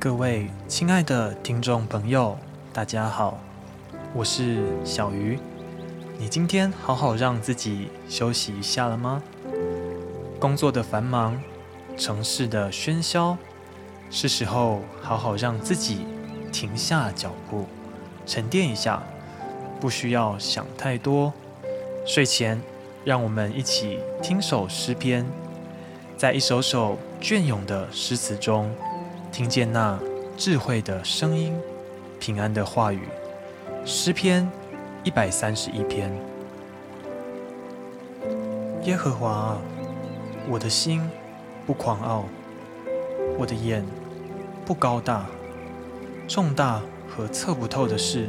各位親愛的聽眾朋友，大家好，我是小魚。你今天好好讓自己休息一下了嗎？工作的繁忙，城市的喧囂，是時候好好讓自己停下腳步，沉澱一下。不需要想太多。睡前，讓我們一起聽首詩篇，在一首首雋永的詩詞中，聽見那智慧的聲音，平安的話語，詩篇一百三十一篇。耶和華啊，我的心不狂傲，我的眼不高大，重大和測不透的事，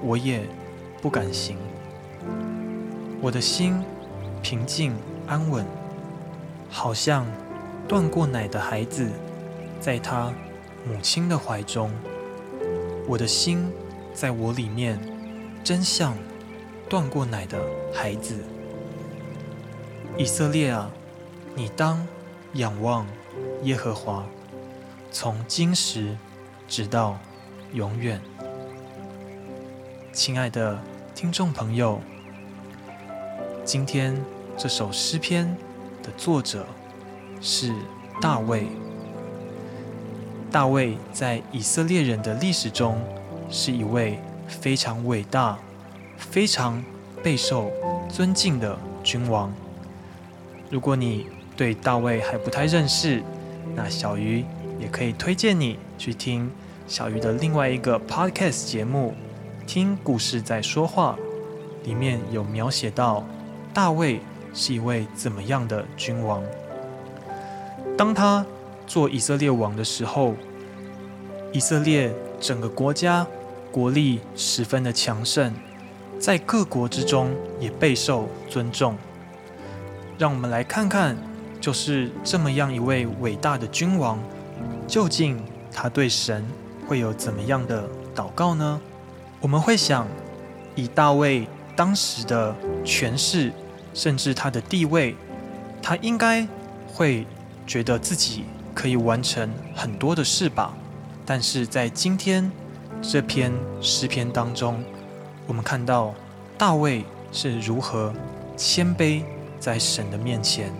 我也不敢行。我的心平靜安穩，好像斷過奶的孩子。在他母親的懷中，我的心在我裡面，真像斷過奶的孩子。以色列啊，你當仰望耶和華，從今時直到永遠。親愛的聽眾朋友，今天這首詩篇的作者是大衛。大衛在以色列人的歷史中是一位非常偉大、非常備受尊敬的君王。如果你對大衛還不太認識，那小魚也可以推薦你去聽小魚的另外一個 podcast 節目《聽故事在說話》，裡面有描寫到大衛是一位怎麼樣的君王，當他，做以色列王的時候，以色列整個國家國力十分的強盛，在各國之中也備受尊重。讓我們來看看，就是這麼樣一位偉大的君王，究竟他對神會有怎麼樣的禱告呢？我們會想，以大衛當時的權勢，甚至他的地位，他應該會覺得自己。可以完成很多的事吧，但是在今天這篇詩篇當中，我們看到大衛是如何謙卑在神的面前。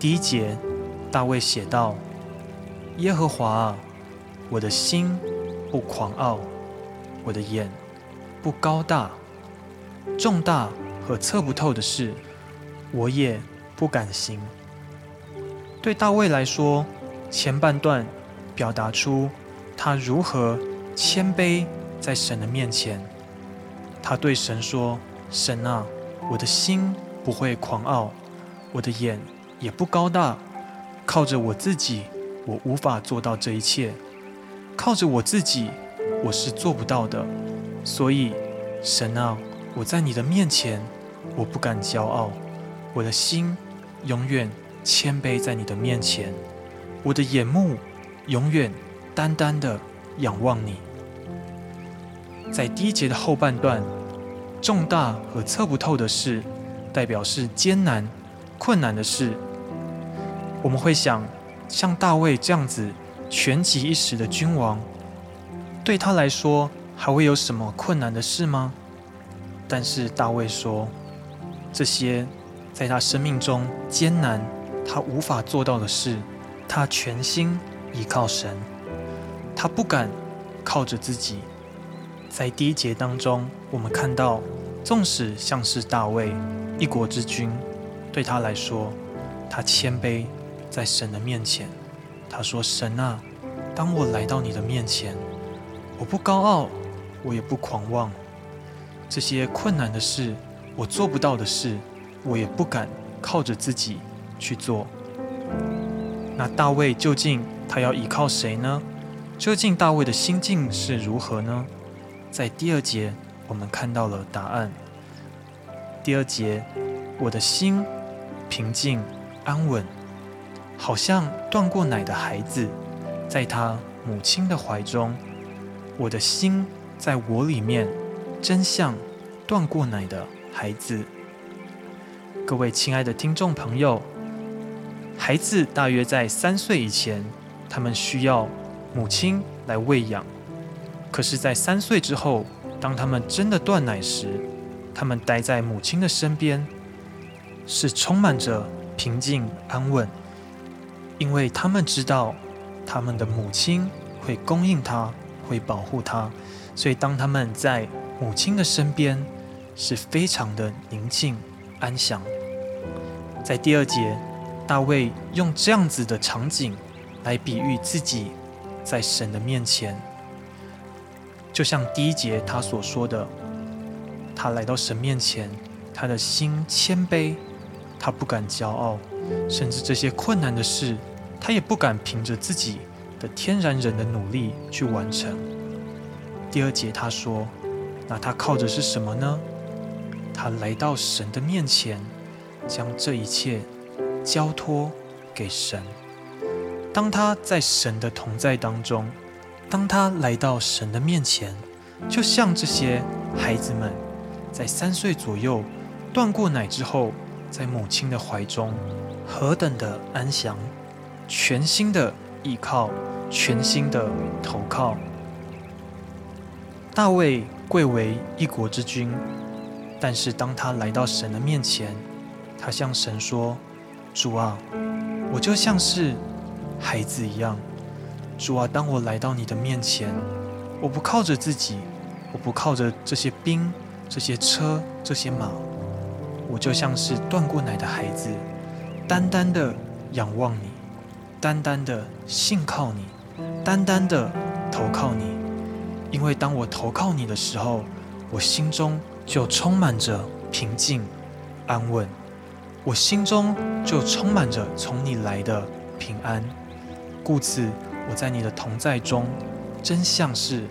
第一節，大衛寫道：“耶和華啊，我的心不狂傲，我的眼不高大，重大和測不透的事，我也不敢行。”對大衛來說，前半段表達出他如何謙卑在神的面前。他對神說：“神啊，我的心不會狂傲，我的眼也不高大。靠着我自己，我無法做到這一切；靠着我自己，我是做不到的。所以，神啊，我在你的面前，我不敢驕傲，我的心永遠。”謙卑在你的面前，我的眼目永遠單單的仰望你。在第一節的後半段，重大和測不透的事，代表是艱難、困難的事。我們會想，像大衛這樣子權極一時的君王，對他來說還會有什麼困難的事嗎？但是大衛說，這些在他生命中艱難。他無法做到的事，他全心依靠神。他不敢靠着自己。在第一節當中，我們看到，縱使像是大衛，一國之君，對他來說，他謙卑在神的面前。他說：“神啊，當我來到你的面前，我不高傲，我也不狂妄。這些困難的事，我做不到的事，我也不敢靠着自己。”去做。那大衛究竟他要依靠誰呢？究竟大衛的心境是如何呢？在第二節，我們看到了答案。第二節，我的心平靜安穩，好像斷過奶的孩子，在他母親的懷中。我的心在我裡面，真像斷過奶的孩子。各位親愛的聽眾朋友，孩子大約在三歲以前，他們需要母親來餵養。可是，在三歲之後，當他們真的斷奶時，他們待在母親的身邊，是充滿着平靜安穩，因為他們知道他們的母親會供應他，會保護他。所以，當他們在母親的身邊，是非常的寧靜安詳。在第二節。大衛用這樣子的場景來比喻自己在神的面前，就像第一節他所說的，他來到神面前，他的心謙卑，他不敢驕傲，甚至這些困難的事，他也不敢憑着自己的天然人的努力去完成。第二節他說，那他靠的是什麼呢？他來到神的面前，將這一切。交託給神。當他在神的同在當中，當他來到神的面前，就像這些孩子們在三歲左右斷過奶之後，在母親的懷中，何等的安詳，全心的依靠，全心的投靠。大衛貴為一國之君，但是當他來到神的面前，他向神說。主啊，我就像是孩子一樣。主啊，當我來到你的面前，我不靠着自己，我不靠着這些兵、這些車、這些馬，我就像是斷過奶的孩子，單單的仰望你，單單的信靠你，單單的投靠你。因為當我投靠你的時候，我心中就充滿着平靜、安穩。我心中就充滿着從你來的平安，故此我在你的同在中，真像是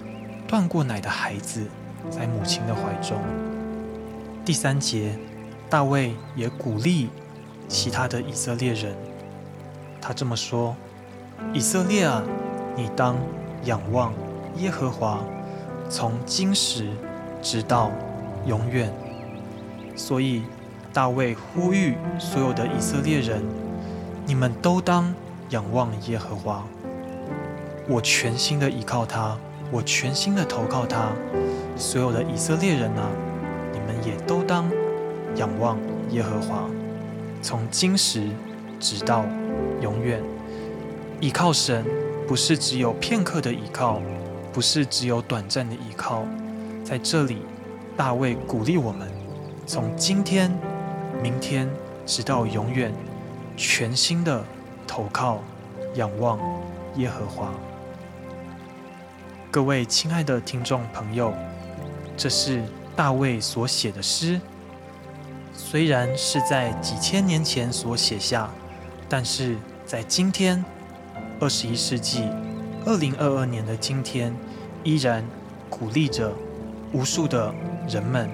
斷過奶的孩子在母親的懷中。第三節，大衛也鼓勵其他的以色列人，他這麼說：“以色列啊，你當仰望耶和華，從今時直到永遠。”所以。大衛呼籲所有的以色列人：“你們都當仰望耶和華，我全心的依靠他，我全心的投靠他。所有的以色列人啊，你們也都當仰望耶和華，從今時直到永遠。依靠神不是只有片刻的依靠，不是只有短暫的依靠。在這裡，大衛鼓勵我們：從今天。”明天，直到永遠，全心的投靠、仰望耶和華。各位親愛的聽眾朋友，這是大衛所寫的詩，雖然是在幾千年前所寫下，但是在今天，二十一世紀二零二二年的今天，依然鼓勵着無數的人們，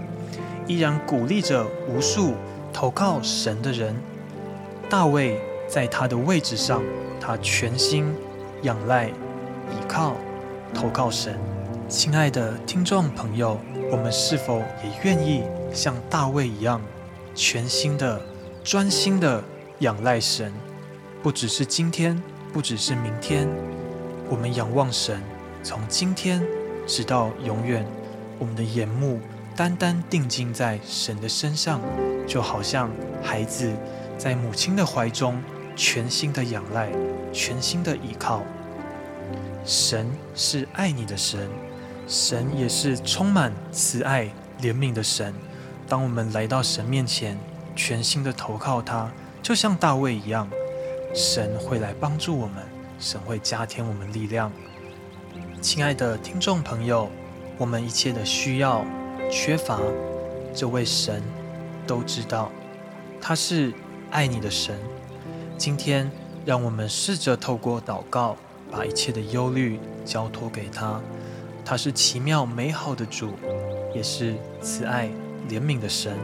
依然鼓勵着無數。投靠神的人，大衛在他的位置上，他全心仰賴、倚靠、投靠神。親愛的聽眾朋友，我們是否也願意像大衛一樣，全心的、專心的仰賴神？不只是今天，不只是明天，我們仰望神，從今天直到永遠，我們的眼目。單單定睛在神的身上，就好像孩子在母親的懷中，全心的仰賴，全心的依靠。神是愛你的神，神也是充滿慈愛憐憫的神。當我們來到神面前，全心的投靠他，就像大衛一樣，神會來幫助我們，神會加添我們力量。親愛的聽眾朋友，我們一切的需要。缺乏這位神，都知道他是愛你的神。今天，讓我們試着透過禱告，把一切的憂慮交托給他。他是奇妙美好的主，也是慈愛憐憫的神。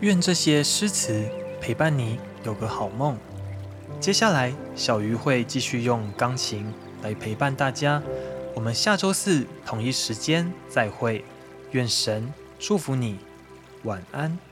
願這些詩詞陪伴你有個好夢。接下來，小魚會繼續用鋼琴來陪伴大家。我們下週四同一時間再會，願神祝福你，晚安。